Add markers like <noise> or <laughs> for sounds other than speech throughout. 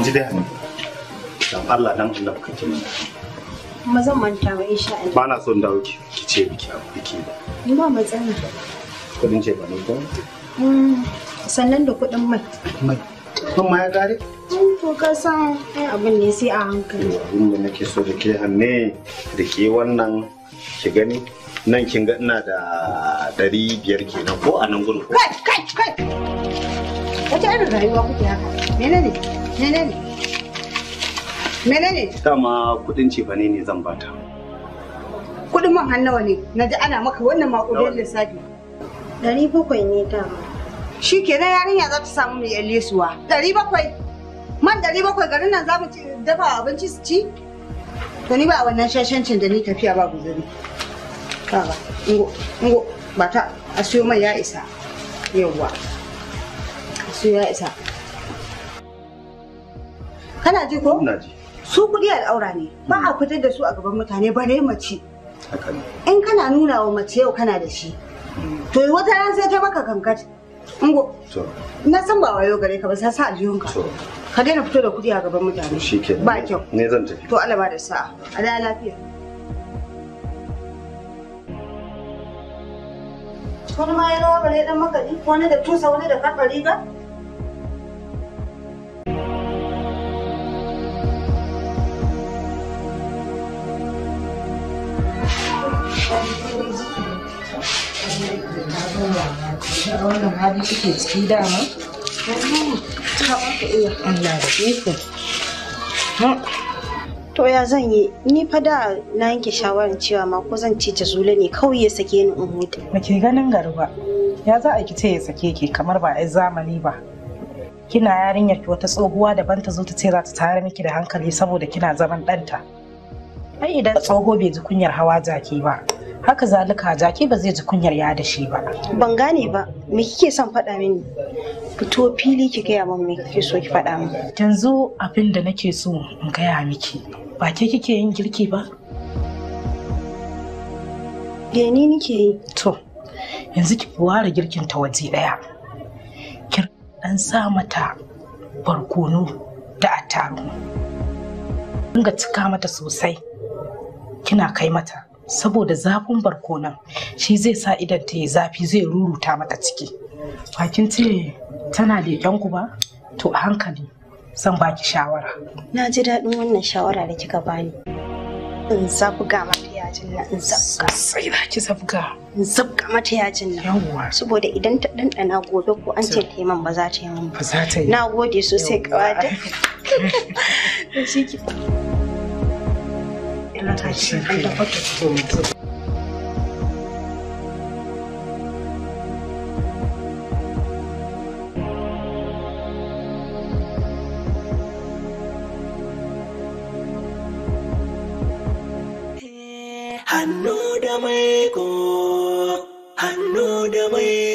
ji dai dan Allah dan Allah ka ji kuma zan manta ba insha Allah ba na son dawo ki ki ce biki a biki ni ba matsala kudin ce ba ne ko mm, sannan da kudin mai mai kun ma ya gare mm, to ka san ai abin ne sai a hankali abin da nake so da ke hanne da ke wannan ki gani nan kin ga ina da ɗari biyar kenan ko a nan gurin kai kai kai wata irin rayuwa kuke haka menene ne Menene? Menene? Dama kudin cefane ne zan bata. Kudin man hannawa ne, na ji ana maka wannan makudin lissafi. Ɗari bakwai ne dama. Shi yarinya za ta samu mai yan lesuwa. Ɗari bakwai? Man ɗari bakwai garin nan za mu dafa abinci su ci? To ni ba wannan shashancin da ni tafiya ba guzuri. Baba, ingo, ingo, bata, a siyo mai ya isa. Yawwa. A siyo ya isa. kana ji ko ina ji su kuɗi al'aura ne ba a fitar da su a gaban mutane ba dai mace in kana nuna wa mace yau kana da shi to wata ran sai ta maka kankat ungo na san ba wayo gare ka ba sai sa aljihunka ka daina fito da kuɗi a gaban mutane ba kyau ne zan tafi to Allah ba da sa'a a da lafiya wani ma rawa bare dan makari wani da tusa wani da karɓar riga shi a wannan hali kike ciki dama Allah da iko to ya zan yi ni fa da na yanke shawarar cewa ma ko zan ci zule ne kawai ya sake ni in huta ke ganin garba ya za a kice ya sake ki kamar ba ai zamani ba kina yarinyar ki wata tsohuwa daban ta zo ta ce za ta tare miki da hankali saboda kina zaman ɗanta ai idan tsoho bai ji kunyar hawa jaki ba haka zalika jaki ba zai ji kunyar ya da shi ba ban gane ba me kike son faɗa mini fito fili ki gaya min me kike so ki faɗa min yanzu abin da nake so in gaya miki ba ke kike yin girki ba ni nike yi to yanzu ki ware girkin ta waje daya ki dan sa mata barkono da attarugu dinga cika mata sosai kina kai mata saboda zafin barkonan, shi zai sa idan ta yi zafi zai ruruta mata ciki bakin ce tana leƙen ku ba to a hankali zan baki shawara na ji daɗin wannan shawara da kika bani in zabga mata yajin nan in zabga sai za ki zabga in zabga mata yajin nan yawwa saboda idan ta ɗanɗana gobe ko an ce ta yi man ba za ta yi man ba za ta yi na gode sosai kawai da <laughs> shi ki and that I Hannu da mai hannu da mai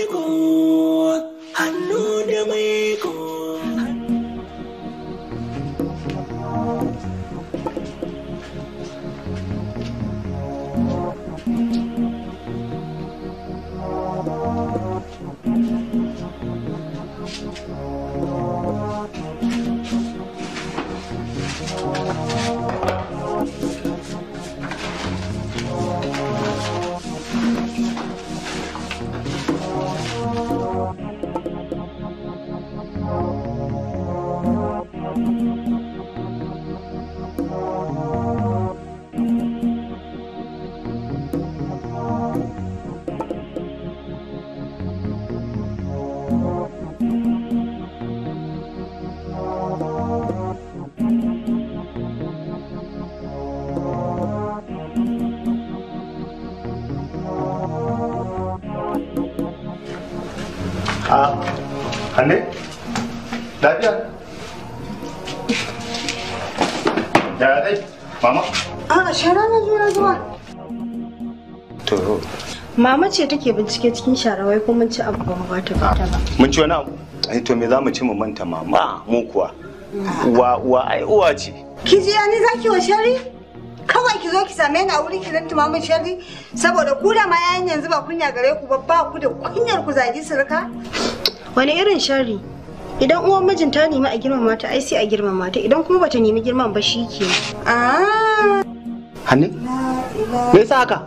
a hanne lafiya ya dai mama a shara na zo zuwa to mama ce take bincike cikin shara wai ko mun ci abu ba mu ba ta ba mun ci wani abu ai to me za mu ci mu manta mama mu kuwa uwa uwa ai uwa ce ki ji ni zaki wa shari kawai ki zo ki same ni a wuri ki nanta mama shari saboda ku da ma yayin yanzu ba kunya gare ku ba ba ku da kunyar ku zagi sirka wani irin sharri idan uwan mijin ta nemi a girmama ta ai sai a girmama ta idan kuma bata nemi girman ba shi ke ah! hannu me yasa haka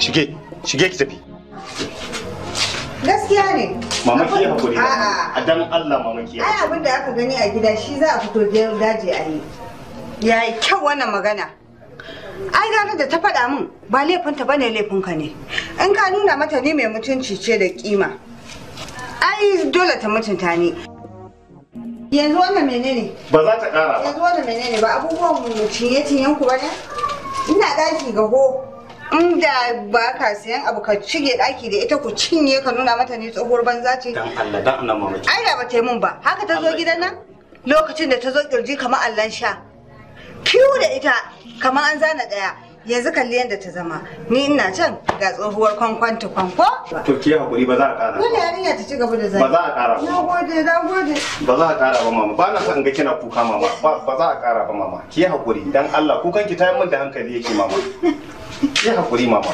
shige shige ki tafi gaskiya ne mamaki ya hakuri a dan Allah mamaki ya ai abin da aka gani a gida shi za a fito da daji a yi yayi kyau wannan magana ai gane da ta faɗa min ba laifinta bane laifinka ne in ka nuna mata ne mai mutunci ce da kima ai dole ta mutunta ni yanzu wannan menene ba za ta kara yanzu wannan menene ba abubuwan mu cinye cinyen ku bane ina daki ga ho inda ba ka sayan abu ka cige daki da ita ku cinye ka nuna mata ne tsohuwar banza ce dan Allah dan Allah mamaki ai da ba ta yi mun ba haka ta zo gidan nan lokacin da ta zo kirji kamar Allah sha kiwo da ita kamar an zana daya yanzu kalli yadda ta zama ni ina can ga tsohuwar ta kwanko to ki hakuri ba za a kara ba. yarinya ta ci gaba da zai ba za a kara ba na gode. ba za a kara ba mama ba na san ga kina kuka mama ba za a kara ba mama ki hakuri dan Allah kukan ki yi min da hankali yake mama ki hakuri mama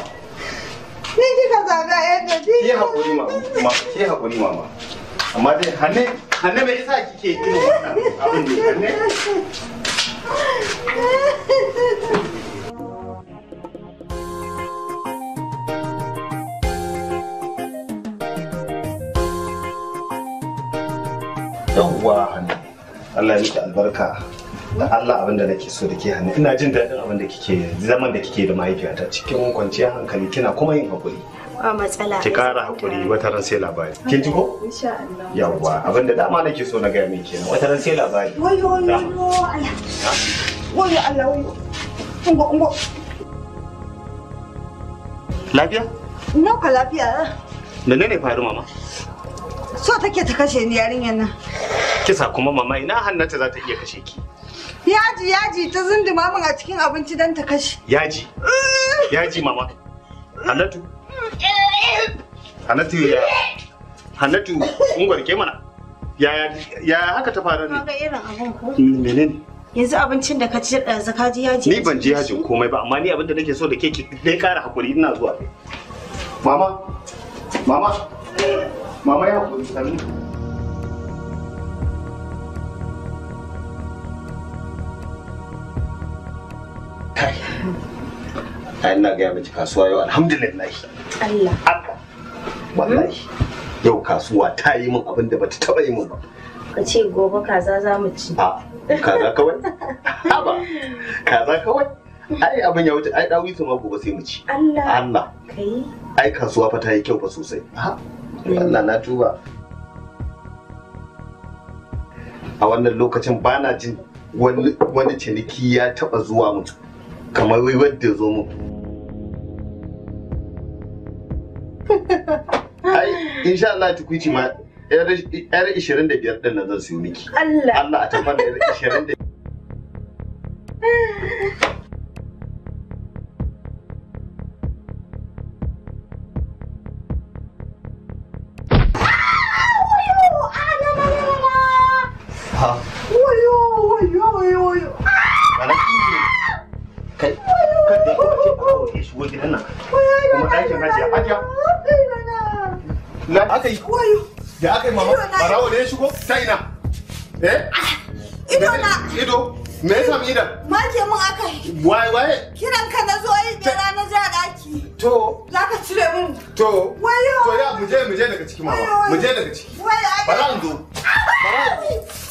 ni kika zaga yadda ki hakuri mama ki hakuri mama amma dai hanne hanne me yasa kike yi abin ne hanne <laughs> yawwa hannu Allah ya albarka da Allah abin da nake so da ke hannu ina jin daɗin abin da kike zaman da kike da mahaifiyata cikin kwanciyar hankali kina kuma yin hakuri ba matsala ki kara hakuri wata ran sai labari kin ji ko insha Allah yawwa abin da dama nake so na ga mai kenan wata ran sai labari wayo wayo Allah wayo Allah wayo ungo ungo lafiya ina ka lafiya menene faru mama so take ta kashe ni yarinyar nan kisa kuma mama ina hannata za ta iya kashe ki yaji yaji ta zunduma min a cikin abinci don ta kashe yaji yaji mama hannatu hannatu ya hannatu mun gwarke mana ya ya haka ta fara ne ga irin abin ko menene yanzu abincin da ka ci da eh, ka ji yaji ni ban ji yajin komai ba amma ni abin da nake so da ke ki dai kara hakuri ina zuwa mama mama mama ya kuri sami ai na gaya miki kasuwa yau alhamdulillah Allah haka wallahi yau kasuwa ta yi min abin da bata taba yi min ba ka ce gobe kaza za mu ci a kaza kawai haba kaza kawai ai abin ya wuce ai dawisu ma gobe sai mu ci Allah Allah kai ai kasuwa fa ta yi kyau fa sosai Allah na tuba a wannan lokacin ba na jin wani ciniki ya taba zuwa mutu, kamar wadda ya zo mu <laughs> ai insha Allah tukuici ma 'yar 25 din nan zan siyo miki Allah a tafar da 25好，我哟，我哟，我哟，ranar ne kai kan da kuma ce ko shigo gidan nan kuma ɗakin hajiya hajiya na aka yi da aka yi mama barawo ne ya shigo ta ina eh ah, ido na ido me yasa mu idan mace mun aka yi waye waye kiran ka na zo yi da rana ja daki to zaka cire mun to wayo to ya mu je mu je daga ciki mama mu je daga ciki wayo bara ndo bara